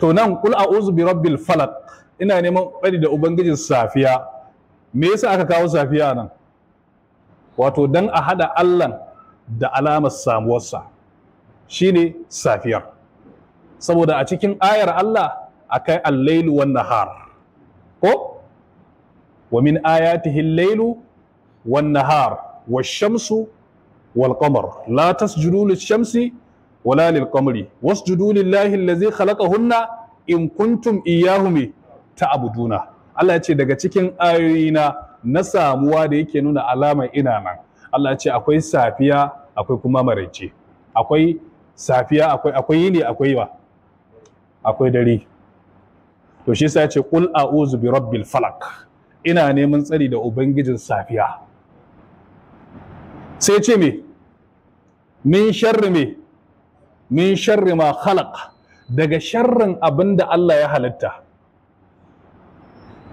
to nan kul a'udhu bi rabbil falaq ina neman tsari da ubangijin safiya me yasa aka kawo safiya nan wato dan a hada Allah da alamar samuwarsa shine safiyar saboda a cikin ayar Allah akai al-lailu wan nahar ko wa min ayatihi al-lailu wan nahar wash-shamsu wal qamar la tasjudu lish-shamsi wala lil qamari wasjudu lillahi allazi khalaqahunna in kuntum iyyahu me ta'buduna Allah ya ce daga cikin ayoyina na samuwa da yake nuna alama ina nan Allah ya ce akwai safiya akwai kuma maraice akwai safiya akwai akwai yini akwai wa akwai dare to shi yasa ya ce qul a'udhu bi rabbil falaq ina neman tsari da ubangijin safiya sai ce me min sharri me min sharri ma khalaq daga sharrin abin da Allah ya halitta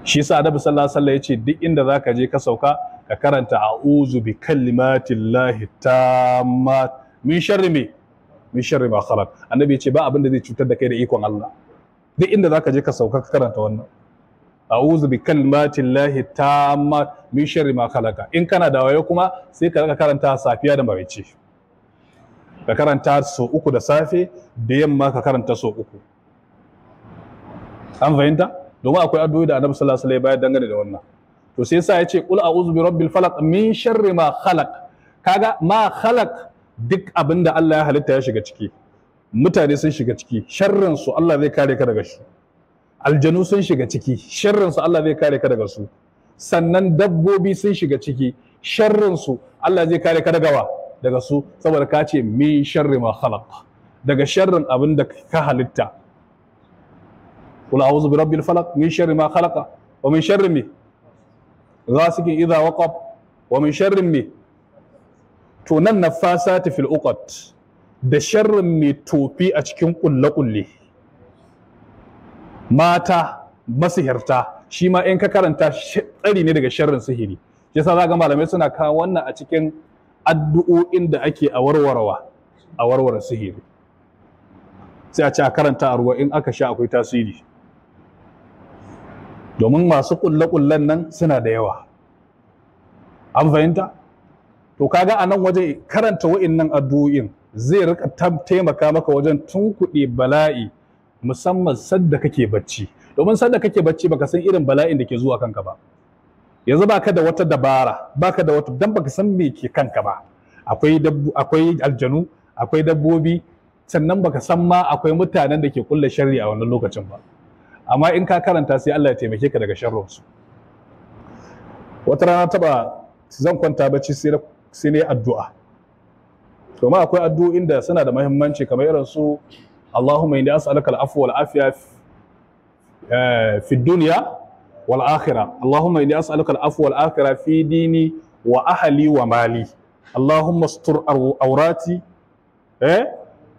shi sa annabi sallallahu alaihi wasallam yace duk inda zaka je ka sauka ka karanta a'udhu bi kalimatillahi tamma min sharri me min sharri ma khalaq annabi yace ba abin da zai cutar da kai da ikon Allah duk inda zaka je ka sauka ka karanta wannan a'udhu bi kalimatillahi tamma min sharri ma khalaqa in kana da wayo kuma sai ka karanta safiya da maraice ka karanta so uku da safe da yamma ka karanta so uku an fahimta domin akwai addu'o'i da annabi sallallahu alaihi wasallam bayar dangane da wannan to sai yasa yace qul a'udhu bi rabbil falaq min sharri ma khalaq kaga ma khalaq duk abinda Allah ya halitta ya shiga ciki mutane sun shiga ciki sharrin su Allah zai kare ka daga shi aljanu sun shiga ciki sharrin su Allah zai kare ka daga su sannan dabbobi sun shiga ciki sharrin su Allah zai kare ka daga wa daga su saboda ka ce min sharri ma khalaq daga sharrin abin da ka halitta kula a'udhu bi rabbil falaq min sharri ma khalaqa wa min sharri mi ghasikin idha waqab wa min sharri mi to nan nafasati fil uqad da sharrin mai tofi a cikin kulle-kulle mata masihirta shi ma in ka karanta tsari ne daga sharrin sihiri yasa za ga malamai suna kawo wannan a cikin addu'o'in da ake a warwarwa a warware sihiri sai a ce a karanta a ruwa in aka sha akwai tasiri domin masu kulle-kullen nan suna da yawa an fahimta to kaga a nan waje karanta wa'innan addu'o'in zai rika taimaka maka wajen tunkuɗe bala'i musamman sadda kake bacci domin sadda kake bacci baka san irin bala'in da ke zuwa kanka ba yanzu ka da wata dabara ba ka da wata dan baka san me ke kanka ba akwai aljanu akwai dabbobi sannan baka san ma akwai mutanen da ke kulle sharri a wannan lokacin ba amma in ka karanta sai Allah ya taimake ka daga sharrinsu wata rana ta ba, zan kwanta bacci sai ne addu'a ma akwai addu'o'in da suna da muhimmanci kamar irin su Allahumma inni as'aluka al-afwa wal afiya eh, fi dunya wal akhirah Allahumma inni as'aluka al afwa wal akhirah wa ahali wa mali Allahumma astur awrati eh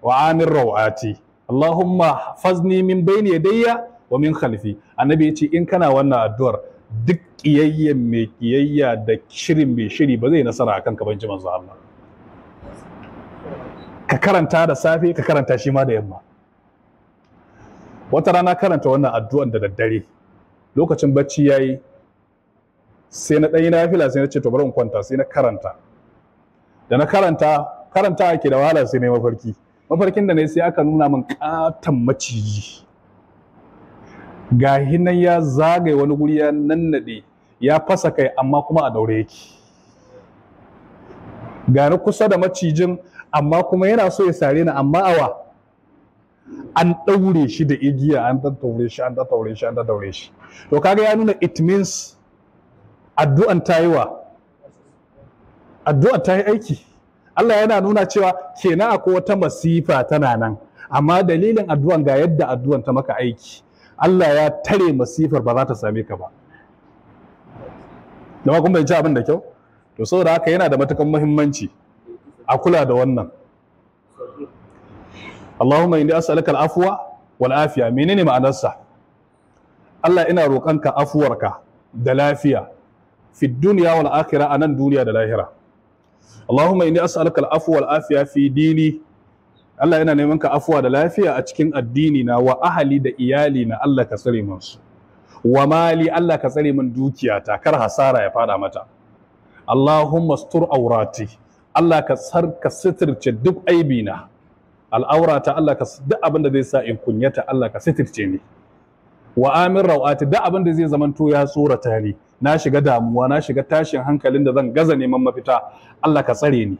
wa amir rawati Allahumma fazni min bayni yadayya wa min khalfi annabi yace in kana wannan addu'ar duk kiyayyen mai kiyayya da shirin mai shiri ba zai nasara akan ka banji manzo Allah ka karanta da safe ka karanta shi ma da yamma wata rana karanta wannan addu'an da daddare lokacin bacci ya yi sai na ɗanyi fila sai na ce tobarin kwanta sai na karanta da na karanta karanta ke da wahala sai na mafarki mafarkin da na sai aka nuna min katon maciji Ga nan ya zagaye wani guri ya nannade ya fasa kai amma kuma a daure yake gani kusa da macijin amma kuma yana so ya sare ni amma awa an ɗaure shi da igiya an tattaure shi an tattaure shi an tattaure shi to kaga ya nuna it means addu'an ta yi wa addu'an ta yi aiki Allah yana nuna cewa kenan akwai wata masifa tana nan amma dalilin addu'an ga yadda addu'an ta maka aiki Allah ya tare masifar ba za ta same ka ba da kun bai abin da kyau to saboda haka yana da matukan muhimmanci a kula da wannan Allahumma inni as'aluka al-afwa wal afiya menene ma'anarsa Allah ina roƙonka afuwarka da lafiya fi dunya wal akhirah anan duniya da lahira Allahumma inni as'aluka al-afwa wal afiya fi dini Allah yana neman ka afuwa da lafiya a cikin addini na wa ahali da iyali na Allah ka tsare min su wa mali Allah ka tsare min ta kar hasara ya fada mata Allahumma stur aurati Allah ka sarka sitirce duk aibina al'aura ta Allah ka duk abin da zai sa in kunyata Allah ka sitirce ni wa amin rawati duk abin da zai zamanto ya tsorata ni na shiga damuwa na shiga tashin hankalin da zan gaza neman mafita Allah ka tsare ni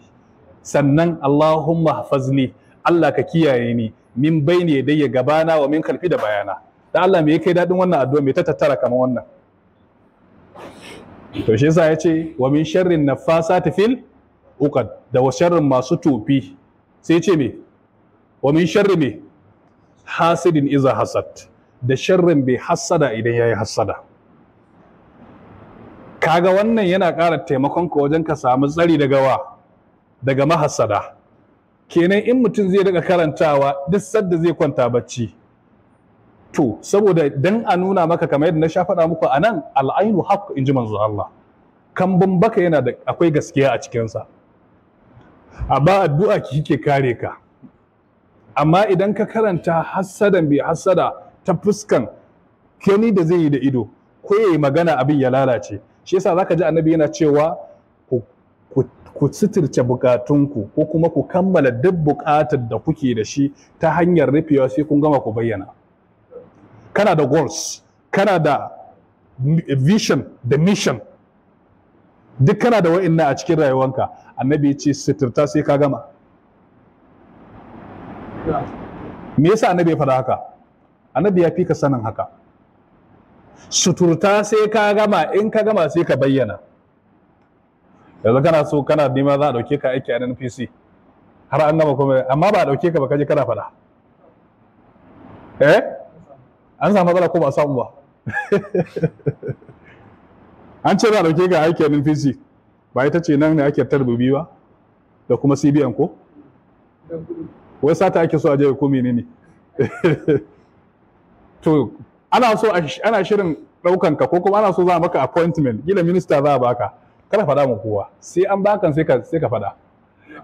sannan Allahumma hafazni Allah ka kiyaye ni min bayni yadayya gabana wa min kalfi da bayana da Allah me kai dadin wannan addu'a me ta tattara kamar wannan to shi yasa yace wa min sharrin nafasati fil uqad da wa sharrin masu tofi sai ce me wa min sharri me hasidin iza hasad da sharrin bai hassada idan yayi hassada kaga wannan yana ƙara taimakon ka wajen ka samu tsari da gawa daga mahasada. kenan in mutum zai daga karantawa duk sadda zai kwanta bacci to saboda dan a nuna maka kamar yadda na sha faɗa muku anan al'ainu haqq in ji manzo Allah kambun baka yana da akwai gaskiya a cikinsa a ba addu'a ki kike kare ka amma idan ka karanta hassadan bi hassada ta fuskan keni da zai yi da ido ko ya yi magana abin ya lalace shi yasa zaka ji annabi yana cewa ku suturce bukatunku ko kuma ku kammala duk bukatar da kuke da shi ta hanyar rufewa sai kun gama ku bayyana kana da goals kana da vision da mission duk kana da wa'annan a cikin rayuwanka annabi ce suturta sai ka gama me yasa annabi ya faɗa haka annabi ya fi ka sanin haka suturta sai ka gama in ka gama sai ka bayyana yanzu kana so kana nema za a ɗauke ka aiki a NPC har an gama kuma amma ba a ɗauke ka ba kaje kana faɗa eh an samu matsala ko ba a samu ba an ce za a ɗauke ka aiki a NPC ba ita ce nan ne ake tarbibi ba da kuma CBN ko wai sata ake so a je ko menene to ana so ana shirin daukan ka ko kuma ana so za maka appointment gila minista za a baka kada fada mu kowa sai an baka sai ka sai fada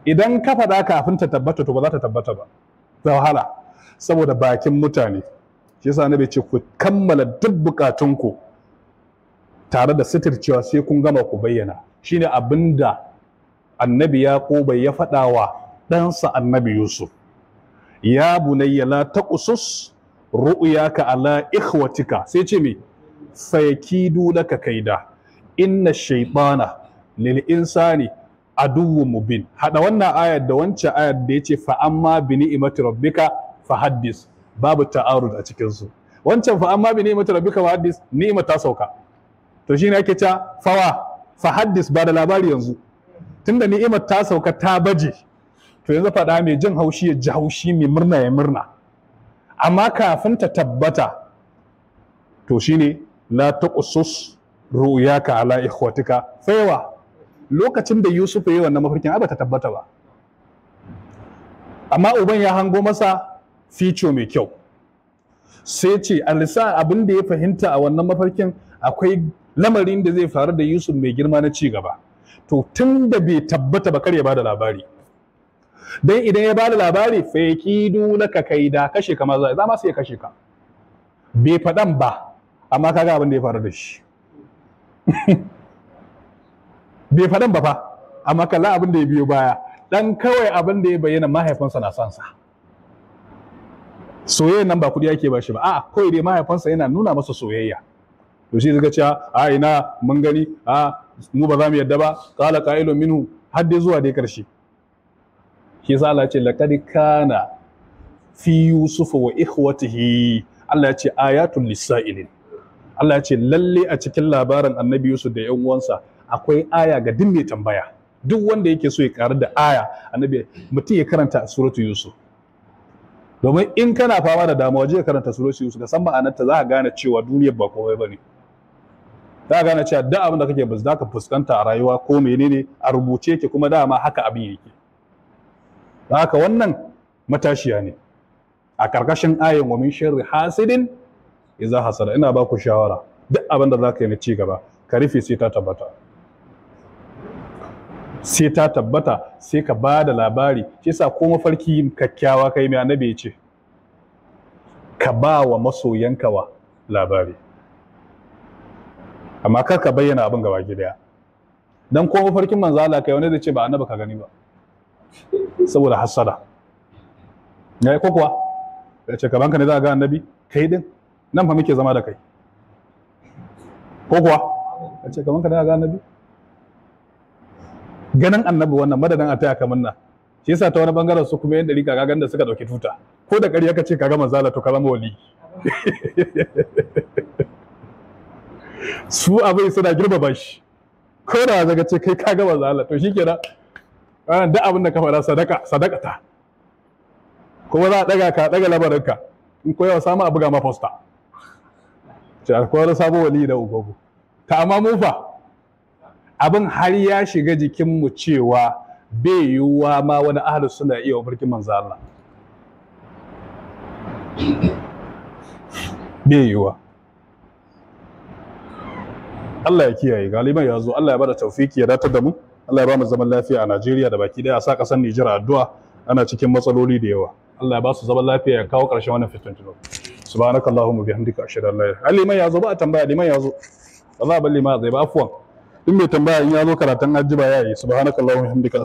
idan ka fada kafin ta tabbata to ba za ta tabbata ba da wahala saboda bakin mutane shi yasa annabi ce ku kammala duk bukatun ku tare da sitircewa sai kun gama ku bayyana shine abinda annabi ya ya faɗa wa ɗansa annabi yusuf ya bunayya la taqusus ru'yaka ala ikhwatika sai ce me fayakidu laka kaida inna shaytana lil insani aduwwun mubin hada wannan ayar da wancan ayar da yace fa amma bi ni'mati rabbika fa haddis babu ta'arud a cikin su wancan fa amma bi ni'mati rabbika fa haddis ni'ma ta sauka to shine ake ta fawa fa haddis ba da labari yanzu tunda ni'imar ta sauka ta baje to yanzu faɗa mai jin haushi ya ji haushi mai murna ya murna amma kafin ta tabbata to shine la taqsus ru'yaka ala ikhwatika faiwa lokacin da Yusuf yi wannan mafarkin ai bata tabbata ba amma uban ya hango masa fico mai kyau sai ce alisa abin da ya fahimta a wannan mafarkin akwai lamarin da zai faru da Yusuf mai girma na ci gaba to tun da bai tabbata ba kar ya ba da labari dan idan ya bada labari feki ka kai da kashe ka maza za ma su ya kashe ka bai faɗan ba amma kaga abin da ya faru da shi bai faɗan ba fa amma kalla abin da ya biyo baya dan kawai abin da ya bayyana mahaifinsa na sansa soyayya nan ba kudi ake ba shi ba a'a kawai dai mahaifinsa yana nuna masa soyayya to shi zaka cewa a ina mun gani a mu ba za mu yadda ba qala qailun minhu har dai zuwa dai karshe shi yasa Allah ce laqad kana fi yusuf wa ikhwatihi Allah ya ce ayatul lisailin Allah ya ce lalle a cikin labarin annabi yusuf da yan uwansa akwai aya ga duk mai tambaya duk wanda yake so ya karar da aya annabi mutum ya karanta suratul suratu yusuf domin in kana fama da damuwa je karanta suratul yusuf ka san ma'anarta za ka gane cewa duniyar ba komai bane za ka gane cewa duk abin da kake ba za ka fuskanta a rayuwa ko menene a rubuce yake kuma dama haka abin yake da haka wannan matashiya ne a ƙarƙashin ayin wa min sharri hasidin idza hasada ina ba ku shawara duk abin da zaka yi na ci gaba ka rufe sai ta tabbata sai ta tabbata sai ka ba da labari shi yasa ko mafarki kakkiawa kai mai annabi ya ce ka ba wa masoyanka wa labari amma kar ka bayyana abin gaba gida. dan ko mafarkin manzo Allah kai wani da ce ba annabi ka gani ba saboda hassada ya ko kuwa ya ce kaman ka ne za ga annabi kai din nan fa muke zama da kai ko kuwa ya ce kaman ka ne za ga annabi ganin annabi wannan madadin a taya kamar nan shi yasa ta wani bangaren su kuma yin dariƙa kagan da suka dauki tuta ko da kari ka ce kaga manzala to ka wali su abai suna girmama shi ko da zaga ce kai kaga manzala to shikenan ranar ah, duk abin da ka faɗa sadaka sadaka ta kuma za a ɗaga ka ɗaga labarinka in ko yawa samu a buga ma fosta ta kwaro sabo wali da ugogo ta amma mu fa abin har ya shiga jikinmu cewa bai yiwuwa ma wani ahlus suna iya mafarkin manzo Allah bai yiwuwa Allah ya kiyaye galiban ya zo Allah ya bada taufiki ya datar da mu Allah ya ba mu zaman lafiya a Najeriya da baki daya a sa kasar Nijar addu'a ana cikin matsaloli da yawa Allah ya ba su zaman lafiya ya kawo ƙarshen wannan fitintino subhanakallahumma bihamdika ashhadu an la ilaha illa anta ya zo ba a tambaya liman ya zo Allah balli ma zai ba afwan in mai tambaya in ya zo karatun hajji ba yayi subhanakallahumma bihamdika